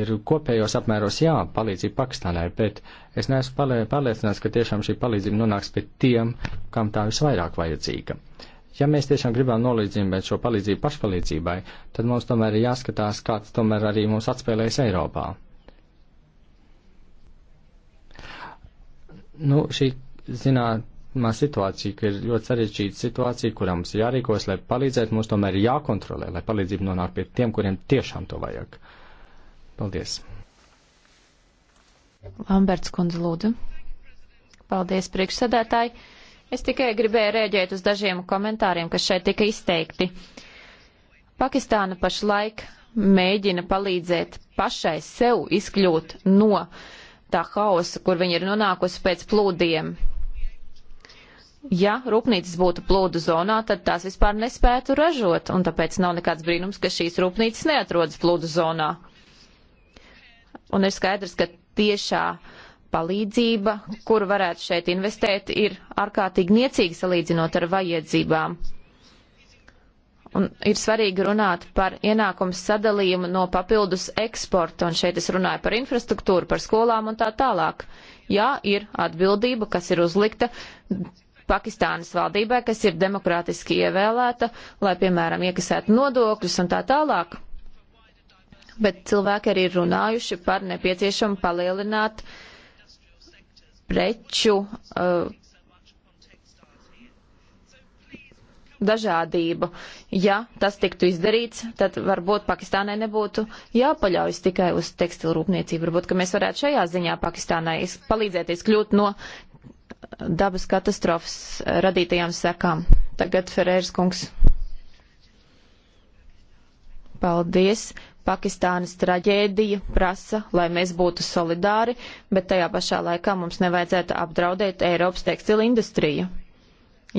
ir kopējos apmēros jā, palīdzība Pakistānai, bet es neesmu pārliecināts, ka tiešām šī palīdzība nonāks pie tiem, kam tā visvairāk vajadzīga. Uh, ja mēs tiešām gribam nolīdzināt šo palīdzību pašpalīdzībai, tad mums tomēr ir jāskatās, kāds tomēr arī mums atspēlēs Eiropā. Nu, šī zināmā situācija, ka ir ļoti sarežģīta situācija, kurām mums jārīkos, lai palīdzētu, mums tomēr ir jākontrolē, lai palīdzība nonāk pie tiem, kuriem tiešām to vajag. Paldies! Lamberts kundze lūdzu. Paldies, priekšsēdētāji! Es tikai gribēju rēģēt uz dažiem komentāriem, kas šeit tika izteikti. Pakistāna pašlaik mēģina palīdzēt pašai sev izkļūt no tā hausa, kur viņi ir nonākusi pēc plūdiem. Ja rūpnīcas būtu plūdu zonā, tad tās vispār nespētu ražot, un tāpēc nav nekāds brīnums, ka šīs rūpnīcas neatrodas plūdu zonā. Un ir skaidrs, ka tiešā uh, palīdzība, kuru varētu šeit investēt, ir ārkārtīgi niecīga salīdzinot ar vajadzībām. Un ir svarīgi runāt par ienākumu sadalījumu no papildus eksporta, un šeit es runāju par infrastruktūru, par skolām un tā tālāk. Jā, ir atbildība, kas ir uzlikta Pakistānas valdībai, kas ir demokrātiski ievēlēta, lai, piemēram, iekasētu nodokļus un tā tālāk bet cilvēki arī runājuši par nepieciešamu palielināt uh, preču uh, dažādību. Ja tas tiktu izdarīts, tad varbūt Pakistānai nebūtu jāpaļaujas tikai uz tekstilu rūpniecību. Varbūt, ka mēs varētu šajā ziņā Pakistānai palīdzēties kļūt no dabas katastrofas radītajām sekām. Tagad Ferērs kungs. Paldies. Pakistānas traģēdija prasa, lai mēs būtu solidāri, bet tajā pašā laikā mums nevajadzētu apdraudēt Eiropas tekstilu industriju.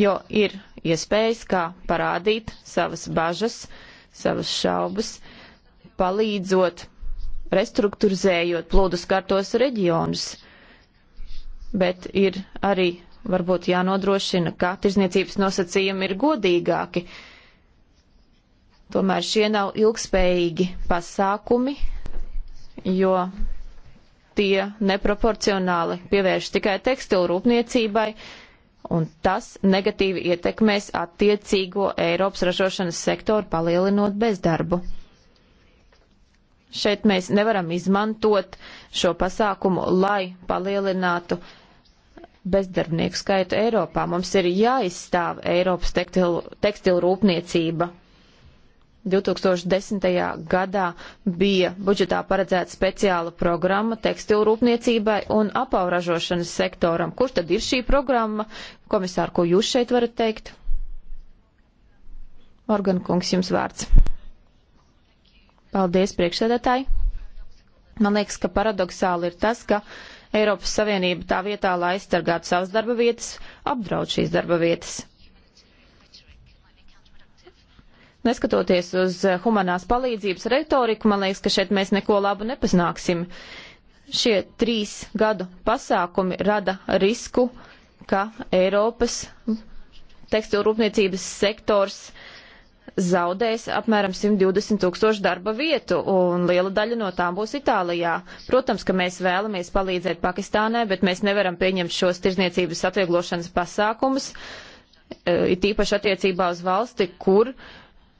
Jo ir iespējas, kā parādīt savas bažas, savas šaubas, palīdzot, restruktūrizējot plūdus kartos reģionus. Bet ir arī varbūt jānodrošina, ka tirzniecības nosacījumi ir godīgāki Tomēr šie nav ilgspējīgi pasākumi, jo tie neproporcionāli pievērš tikai tekstilu rūpniecībai, un tas negatīvi ietekmēs attiecīgo Eiropas ražošanas sektoru, palielinot bezdarbu. Šeit mēs nevaram izmantot šo pasākumu, lai palielinātu bezdarbnieku skaitu Eiropā. Mums ir jāizstāv Eiropas tekstilu, tekstilu rūpniecība 2010. gadā bija budžetā paredzēta speciāla programma tekstilrūpniecībai un apauražošanas sektoram. Kur tad ir šī programma? Komisār, ko jūs šeit varat teikt? Morgan kungs, jums vārds. Paldies, priekšsēdētāji. Man liekas, ka paradoxāli ir tas, ka Eiropas Savienība tā vietā, lai aizsargātu savas darba vietas, apdraud šīs darba vietas. neskatoties uz eh, humanās palīdzības retoriku, man liekas, ka šeit mēs neko labu nepasnāksim. Šie trīs gadu pasākumi rada risku, ka Eiropas tekstilrūpniecības sektors zaudēs apmēram 120 tūkstošu darba vietu, un liela daļa no tām būs Itālijā. Protams, ka mēs vēlamies palīdzēt Pakistānai, bet mēs nevaram pieņemt šos tirzniecības atvieglošanas pasākumus, eh, it īpaši attiecībā uz valsti, kur uh,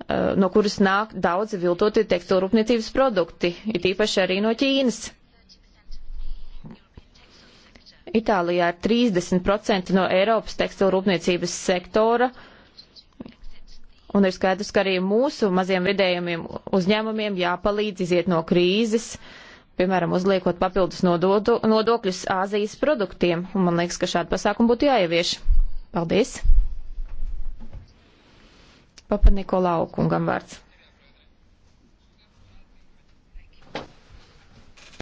Eh, no kuras nāk daudzi viltotie tekstilrūpniecības produkti, it īpaši arī no Ķīnas. Itālijā ir 30% no Eiropas tekstilrūpniecības sektora, un ir skaidrs, ka arī mūsu maziem vidējumiem uzņēmumiem jāpalīdz iziet no krīzes, piemēram, uzliekot papildus nododu, nodokļus Āzijas produktiem, un man liekas, ka šādu pasākumu būtu jāievieš. Paldies! Papa Nikolau kungam vārds.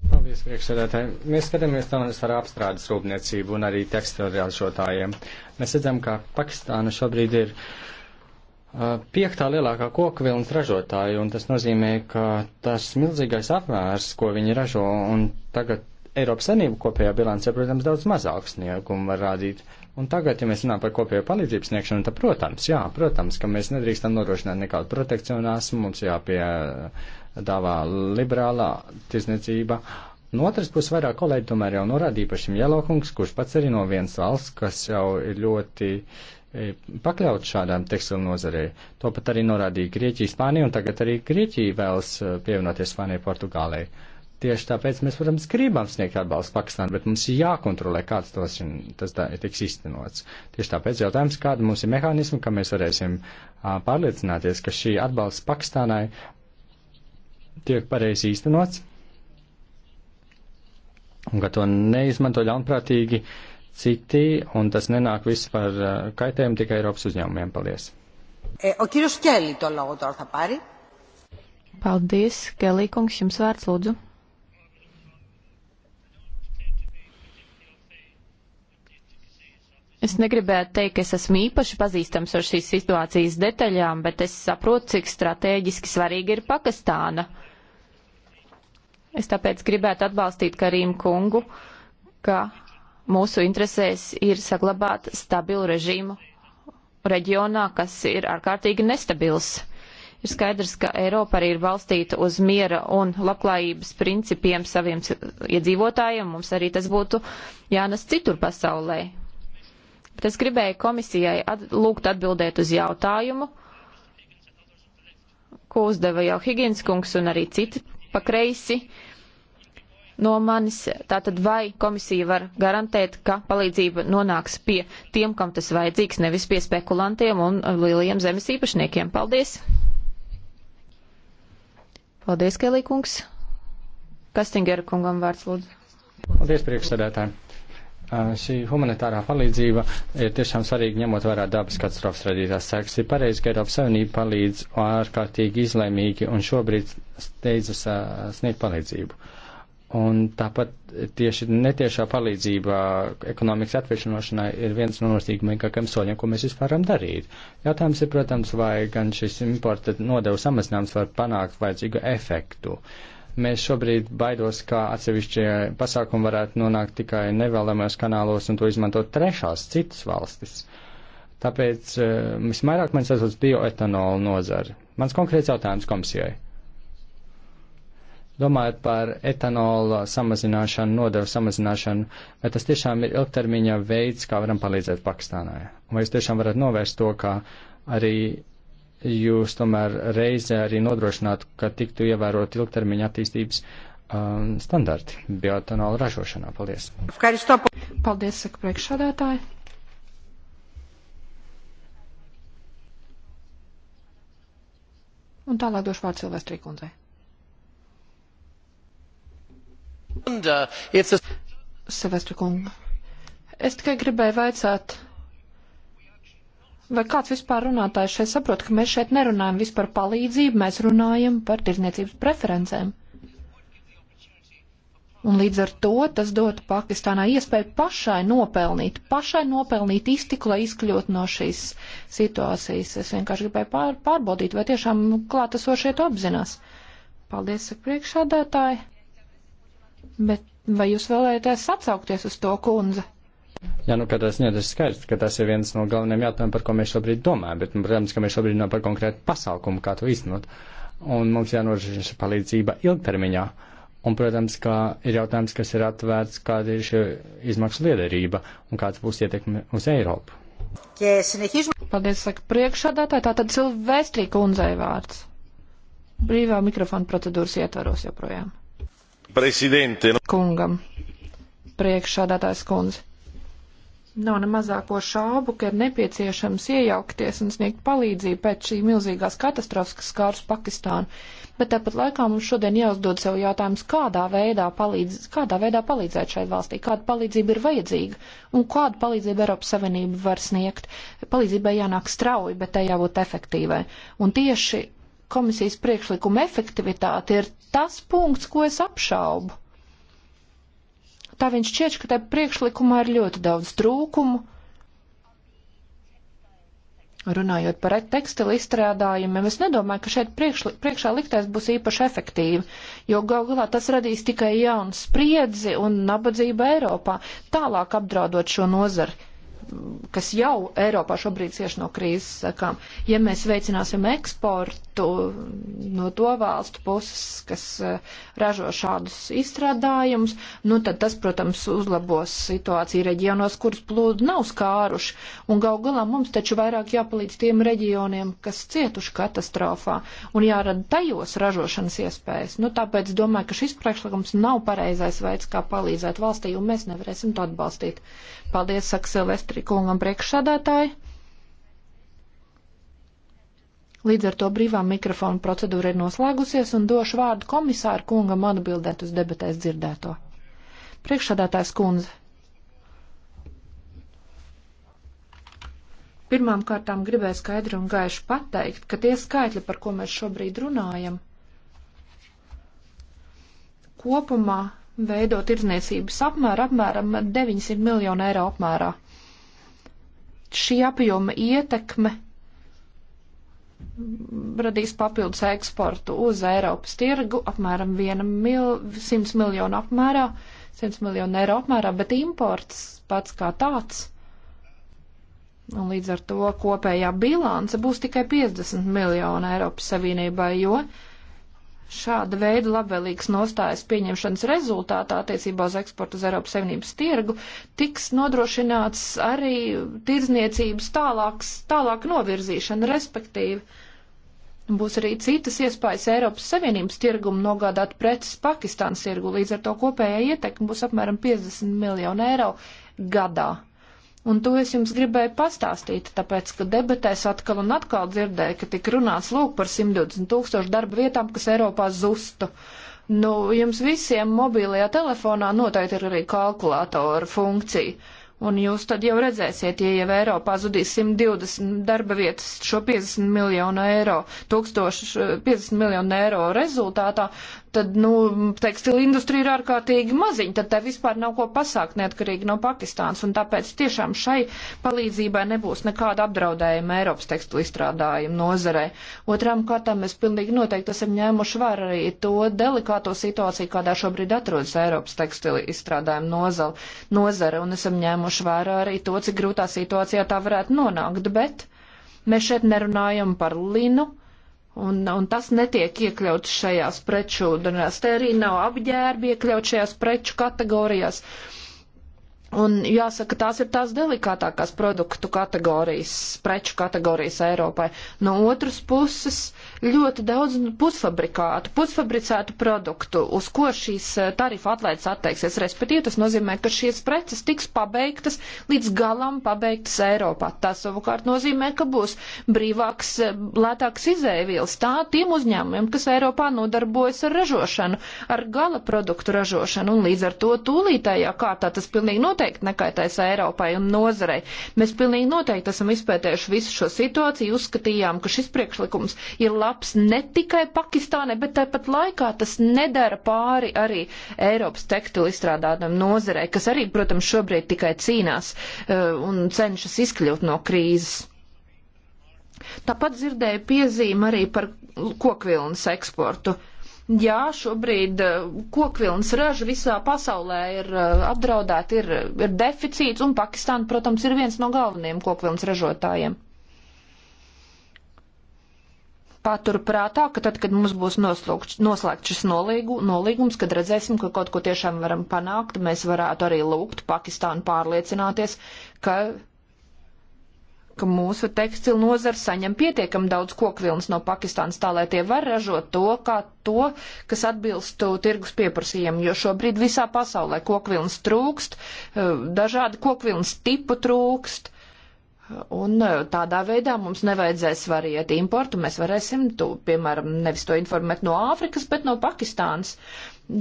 Paldies, priekšsēdētāji. Mēs skatāmies tālāk ar apstrādes rūpniecību un arī tekstilu ražotājiem. Mēs redzam, ka Pakistāna šobrīd ir piektā lielākā koku vilnas ražotāja, un tas nozīmē, ka tas milzīgais apmērs, ko viņi ražo, un tagad Eiropas Savienība kopējā bilancē, protams, daudz mazāk sniegumu var rādīt. Un tagad, ja mēs runājam par kopējo palīdzības sniegšanu, tad, protams, jā, protams, ka mēs nedrīkstam nodrošināt nekādu protekcionāsmu, mums jāpiedāvā eh, liberālā tirzniecība. No otras puses, vairāk kolēģi tomēr jau norādīja par šim Jelokungs, kurš pats arī no vienas valsts, kas jau ir ļoti eh, pakļauts šādām tekstilu nozarei. To pat arī norādīja Grieķija, Spānija, un tagad arī Grieķija vēlas eh, pievienoties Spānijai, Portugālei. Uh, Tieši tāpēc mēs, protams, gribam sniegt atbalstu Pakistānu, bet mums ir jākontrolē, kāds tos, tas tā, tiks iztenots. Tieši tāpēc jautājums, kāda mums ir mehānismi, ka mēs varēsim a, pārliecināties, ka šī atbalsts Pakistānai tiek pareizi īstenots un ka to neizmanto ļaunprātīgi citi un tas nenāk viss par a, kaitējumu tikai Eiropas uzņēmumiem. Paldies! Eh, Paldies, Kelī kungs, jums vērts lūdzu. Es negribētu teikt, ka es esmu īpaši pazīstams ar šīs situācijas detaļām, bet es saprotu, cik strateģiski svarīga ir Pakistāna. Es tāpēc gribētu atbalstīt Karīmu kungu, ka mūsu interesēs ir saglabāt stabilu režīmu reģionā, kas ir ārkārtīgi nestabils. Ir skaidrs, ka Eiropa arī ir balstīta uz miera un labklājības principiem saviem iedzīvotājiem. Mums arī tas būtu jānes citur pasaulē bet es gribēju komisijai at lūgt atbildēt uz jautājumu, ko uzdeva jau Higgins kungs un arī citi pa kreisi no manis. Tātad vai komisija var garantēt, ka palīdzība nonāks pie tiem, kam tas vajadzīgs, nevis pie spekulantiem un lielajiem zemes īpašniekiem? Paldies! Paldies, Kelī kungs! Kastingera kungam vārds lūdzu. Paldies, priekšsēdētāji! šī humanitārā palīdzība ir tiešām svarīga ņemot vērā dabas katastrofas radītās sekas. Ir pareizi, ka Eiropas Savienība palīdz ārkārtīgi izlēmīgi un šobrīd steidzas sniegt palīdzību. Un tāpat tieši netiešā palīdzība ekonomikas atvešanošanai ir viens no nostīgumīgākajiem soļiem, ko mēs vispār varam darīt. Jautājums ir, protams, vai gan šis importa nodevu samazinājums var panākt vajadzīgu efektu. Uh, Mēs šobrīd baidos, ka atsevišķie pasākumi varētu nonākt tikai nevēlamajos kanālos un to izmantot trešās citas valstis. Tāpēc eh, visvairāk man sasauc bioetanola nozari. Mans konkrēts jautājums komisijai. Domājot par etanola samazināšanu, nodevu samazināšanu, vai tas tiešām ir ilgtermiņa veids, kā varam palīdzēt Pakistānai? Vai jūs tiešām varat novērst to, ka arī jūs tomēr reizē arī nodrošinātu, ka tiktu ievērot ilgtermiņa attīstības um, standarti bioetanolu ražošanā. Paldies! Paldies, saka priekšsādātāji! Un tālāk došu vārdu Silvestrī kundzei. Uh, Silvestri kungu, es tikai gribēju vaicāt, Vai kāds vispār runātājs šeit saprot, ka mēs šeit nerunājam vispār palīdzību, mēs runājam par tirzniecības preferencēm? Un līdz ar to tas dotu Pakistānai iespēju pašai nopelnīt, pašai nopelnīt iztiku, lai izkļūtu no šīs situācijas. Es vienkārši gribēju pār, pārbaudīt, vai tiešām klātesošie to apzinās. Paldies, priekšādātāji. Bet vai jūs vēlēties atsaukties uz to kundzi? Jā, nu, katrā ziņā nu, tas ir skaidrs, ka tas ir viens no galvenajiem jautājumiem, par ko mēs šobrīd domājam, bet, nu, protams, ka mēs šobrīd runājam par konkrētu pasākumu, kā to īstenot, un mums jānodrošina šī palīdzība ilgtermiņā. Un, protams, ka ir jautājums, kas ir atvērts, kāda ir šī izmaksu liederība un kāds būs ietekme uz Eiropu. Paldies, saka priekšādātāji, tātad Silvestrī kundzei vārds. Brīvā mikrofona procedūras ietvaros joprojām. Presidente. Nu- Kungam. Priekšādātājs kundze Nav ne mazāko šaubu, ka ir nepieciešams iejaukties un sniegt palīdzību pēc šī milzīgās katastrofas, kas skārs Pakistānu. Bet tāpat laikā mums šodien jāuzdod sev jautājums, kādā veidā, palīdz, kādā veidā palīdzēt šai valstī, kāda palīdzība ir vajadzīga un kādu palīdzību Eiropas Savienība var sniegt. Palīdzībai jānāk strauji, bet tai jābūt efektīvai. Un tieši komisijas priekšlikuma efektivitāte ir tas punkts, ko es apšaubu tā viņš šķiet, ka tajā priekšlikumā ir ļoti daudz trūkumu. Runājot par tekstilu izstrādājumiem, es nedomāju, ka šeit priekšli, priekšā liktais būs īpaši efektīvi, jo gal galā tas radīs tikai jaunu spriedzi un nabadzību Eiropā, tālāk apdraudot šo nozari kas jau Eiropā šobrīd cieši no krīzes sekām. Ja mēs veicināsim eksportu no to valstu puses, kas eh, ražo šādus izstrādājumus, nu tad tas, protams, uzlabos situāciju reģionos, kuras plūdu nav skāruši. Un gal galā mums taču vairāk jāpalīdz tiem reģioniem, kas cietuši katastrofā un jārada tajos ražošanas iespējas. Nu, tāpēc domāju, ka šis priekšlikums nav pareizais veids, kā palīdzēt valstī, un mēs nevarēsim to atbalstīt. Paldies, saka Silvestri kungam priekšsādātāji. Līdz ar to brīvā mikrofona procedūra ir noslēgusies un došu vārdu komisāru kungam atbildēt uz debatēs dzirdēto. Priekšsādātājs kundze. Pirmām kārtām gribēju skaidri un gaiši pateikt, ka tie skaitļi, par ko mēs šobrīd runājam, kopumā veido tirdzniecības apmēru apmēram 900 miljonu eiro apmērā. Šī apjoma ietekme radīs papildus eksportu uz Eiropas tirgu apmēram 1 mil, 100 miljonu apmērā, 100 miljonu eiro apmērā, bet imports pats kā tāds. Un līdz ar to kopējā bilance būs tikai 50 miljonu Eiropas Savienībai, jo uh, Šāda veida labvēlīgas nostājas pieņemšanas rezultātā attiecībā uz eksportu uz Eiropas Savienības tirgu tiks nodrošināts arī tirdzniecības tālāks, tālāk novirzīšana, respektīvi. Būs arī citas iespējas Eiropas Savienības tirgumu nogādāt preces Pakistānas tirgu, līdz ar to kopējā ietekme būs apmēram 50 miljonu eiro gadā. Un to es jums gribēju pastāstīt, tāpēc, ka debatēs atkal un atkal dzirdēju, ka tik runāts lūk par 120 tūkstošu darba vietām, kas Eiropā zustu. Nu, jums visiem mobilajā telefonā noteikti ir arī kalkulātora funkcija. Un jūs tad jau redzēsiet, ja jau Eiropā zudīs 120 darba vietas šo 50 miljonu eiro, 1050 miljonu eiro rezultātā, tad, nu, tekstila industrija ir ārkārtīgi maziņa, tad te vispār nav ko pasākt neatkarīgi no Pakistānas, un tāpēc tiešām šai palīdzībai nebūs nekāda apdraudējuma Eiropas tekstila izstrādājuma nozarē. Otram kārtām mēs pilnīgi noteikti esam ņēmuši vērā arī to delikāto situāciju, kādā šobrīd atrodas Eiropas tekstila izstrādājuma nozara, nozara un esam ņēmuši vērā arī to, cik grūtā situācijā tā varētu nonākt, bet mēs šeit nerunājam par linu, Un, un tas netiek iekļauts šajās preču daļās. Te arī nav apģērbi iekļaut šajās preču kategorijās. Un jāsaka, tās ir tās delikātākās produktu kategorijas, preču kategorijas Eiropai. No otras puses, ļoti daudz pusfabrikātu, pusfabricētu produktu, uz ko šīs eh, tarifa atlaides atteiksies. Respektīvi, tas nozīmē, ka šīs preces tiks pabeigtas līdz galam pabeigtas Eiropā. Tas savukārt nozīmē, ka būs brīvāks, eh, lētāks izēvielas tā tiem uzņēmumiem, kas Eiropā nodarbojas ar ražošanu, ar gala produktu ražošanu, un līdz ar to tūlītējā kārtā tas pilnīgi noteikti nekaitais Eiropai un nozarei. Mēs pilnīgi noteikti esam izpētējuši visu šo situāciju, uzskatījām, ka šis priekšlikums ir labs labs ne tikai Pakistānai, bet tāpat laikā tas nedara pāri arī Eiropas tekstilu izstrādātam nozarei, kas arī, protams, šobrīd tikai cīnās eh, un cenšas izkļūt no krīzes. Tāpat dzirdēju piezīmi arī par kokvilnas eksportu. Jā, šobrīd eh, kokvilnas raža visā pasaulē ir eh, apdraudēta, ir, ir deficīts, un Pakistāna, protams, ir viens no galvenajiem kokvilnas ražotājiem paturprātā, ka tad, kad mums būs noslūgts, noslēgts šis nolīgu, nolīgums, kad redzēsim, ka kaut ko tiešām varam panākt, mēs varētu arī lūgt Pakistānu pārliecināties, ka, ka mūsu tekstilu nozara saņem pietiekam daudz kokvilnas no Pakistānas, tā lai tie var ražot to, kā to, kas atbilstu tirgus pieprasījumam, jo šobrīd visā pasaulē kokvilnas trūkst, eh, dažādi kokvilnas tipu trūkst Un e, tādā veidā mums nevajadzēs variet importu, mēs varēsim, tu, piemēram, nevis to informēt no Āfrikas, bet no Pakistānas.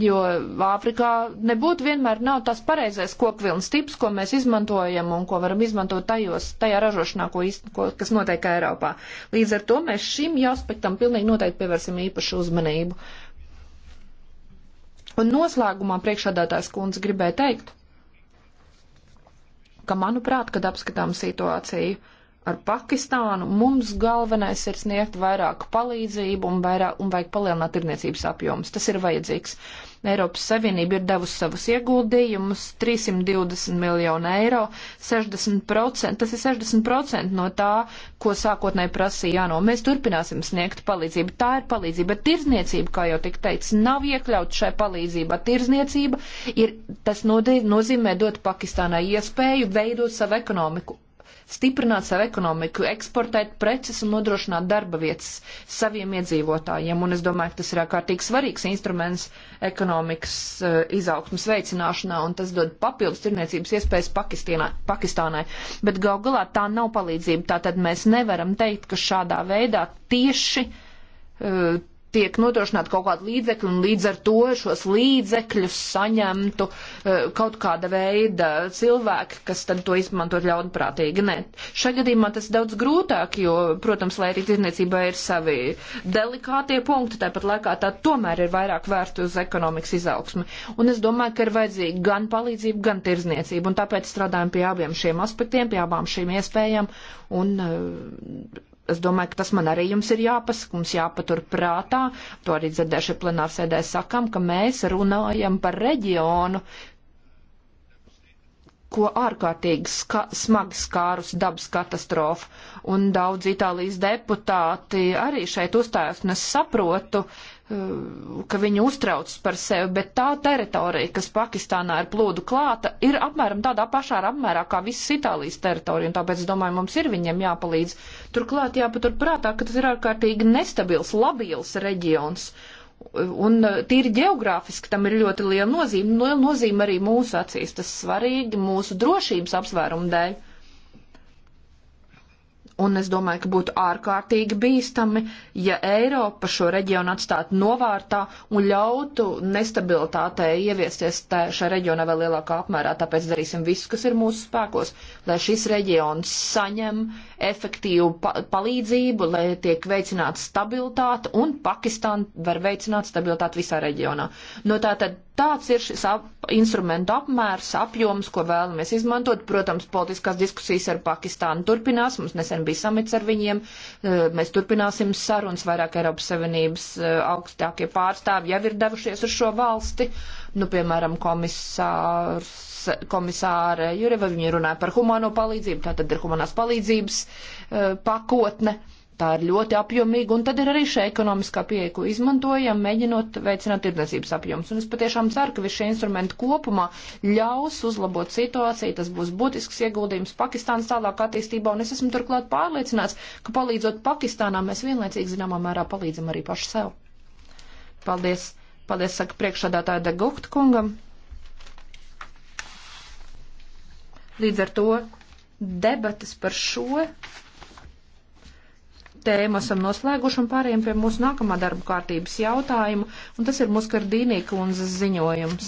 Jo Āfrikā nebūtu vienmēr nav tas pareizais kokvilnas tips, ko mēs izmantojam un ko varam izmantot tajos, tajā ražošanā, ko, ko, kas notiek Eiropā. Līdz ar to mēs šim aspektam pilnīgi noteikti pievērsim īpašu uzmanību. Un noslēgumā priekšādātājs kundze gribēja teikt, ka, manuprāt, kad apskatām situāciju, ar Pakistānu, mums galvenais ir sniegt vairāk palīdzību un, vairāk, un vajag palielināt tirniecības apjomus. Tas ir vajadzīgs. Eiropas Savienība ir devusi savus ieguldījumus - 320 miljonu eiro, 60%, tas ir 60% no tā, ko sākotnēji prasīja ANO. Mēs turpināsim sniegt palīdzību. Tā ir palīdzība, bet tirzniecība, kā jau tik teicis, nav iekļaut šai palīdzībā. Tirzniecība ir, tas nozīmē dot Pakistānai iespēju veidot savu ekonomiku stiprināt savu ekonomiku, eksportēt preces un nodrošināt darba vietas saviem iedzīvotājiem. Un es domāju, ka tas ir ārkārtīgi svarīgs instruments ekonomikas uh, izaugsmas veicināšanā, un tas dod papildus tirniecības iespējas Pakistānai. Bet gal galā tā nav palīdzība, tātad mēs nevaram teikt, ka šādā veidā tieši uh, tiek nodrošināta kaut kāda līdzekļa, un līdz ar to šos līdzekļus saņemtu e, kaut kāda veida cilvēki, kas tad to izmantot ļaunprātīgi. Nē, šajā gadījumā tas ir daudz grūtāk, jo, protams, lai arī tirniecībā ir savi delikātie punkti, tāpat laikā tā tomēr ir vairāk vērta uz ekonomikas izaugsmi. Un es domāju, ka ir vajadzīga gan palīdzība, gan tirzniecība, un tāpēc strādājam pie abiem šiem aspektiem, pie abām šīm iespējām, un e, Es domāju, ka tas man arī jums ir jāpasaka, mums jāpatur prātā, to arī dzirdēšu plenārsēdē sakam, ka mēs runājam par reģionu, ko ārkārtīgi ska smagi skārus dabas katastrofa, un daudz Itālijas deputāti arī šeit uzstājās, un es saprotu, uh, Eh, ka viņi uztrauc par sevi, bet tā teritorija, kas Pakistānā ir plūdu klāta, ir apmēram tādā pašā apmērā kā visas Itālijas teritorija, un tāpēc, domāju, mums ir viņiem jāpalīdz. Turklāt jāpaturprātā, ka tas ir ārkārtīgi nestabils, labils reģions, un eh, tīri geogrāfiski tam ir ļoti liela nozīme, liela nozīme arī mūsu acīs, tas svarīgi mūsu drošības apsvērumu dēļ. Un es domāju, ka būtu ārkārtīgi bīstami, ja Eiropa šo reģionu atstātu novārtā un ļautu nestabilitātei ieviesties šajā reģionā vēl lielākā apmērā. Tāpēc darīsim visu, kas ir mūsu spēkos, lai šis reģions saņem efektīvu pa palīdzību, lai tiek veicināta stabilitāte un Pakistāna var veicināt stabilitāti visā reģionā. No tātad Tāds ir šis ap, instrumentu apmērs, apjoms, ko vēlamies izmantot. Protams, politiskās diskusijas ar Pakistānu turpinās. Mums nesen bija samits ar viņiem. E, mēs turpināsim sarunas. Vairāk Eiropas Savienības e, augstākie pārstāvji jau ir devušies uz šo valsti. Nu, piemēram, komisārs, komisāra Jureva, viņi runāja par humano palīdzību. Tā tad ir humanās palīdzības e, pakotne. Uh, Tā ir ļoti apjomīga, un tad ir arī šī ekonomiskā pieeja, ko izmantojam, mēģinot veicināt tirdzniecības apjoms. Un es patiešām ceru, ka visi šie instrumenti kopumā ļaus uzlabot situāciju, tas būs būtisks ieguldījums Pakistānas tālāk attīstībā, un es esmu turklāt pārliecināts, ka palīdzot Pakistānā, mēs vienlaicīgi zināmā mērā palīdzam arī paši sev. Paldies, paldies, saka priekšādātāja Degukta kungam. Līdz ar to debatas par šo tēmu esam noslēguši un pārējiem pie mūsu nākamā darba kārtības jautājuma, un tas ir Muskardīnī kundzes ziņojums.